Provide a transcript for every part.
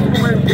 novo, meu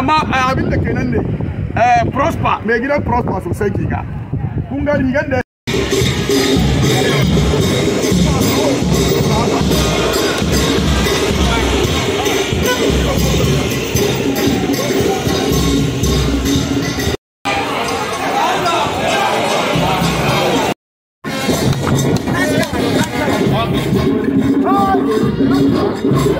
amma abin da kenan ne prosper mai g i d a prosper sosai ke ga kun ga rigan da Oh,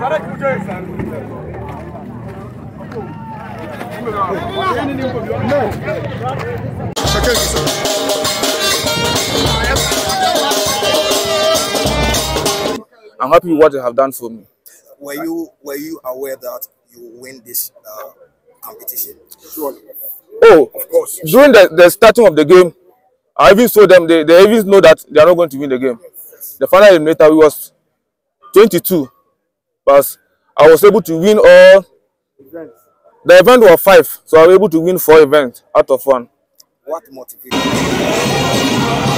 ಸಕ್ಕರೆ I'm happy with what you have done for me. Were you were you aware that you win this uh, competition? Sure. Oh, of course. During the, the starting of the game, I even saw them. They, they even know that they are not going to win the game. The final eliminator was 22. but I was able to win all events. The event was five, so I was able to win four events out of one. What motivated you?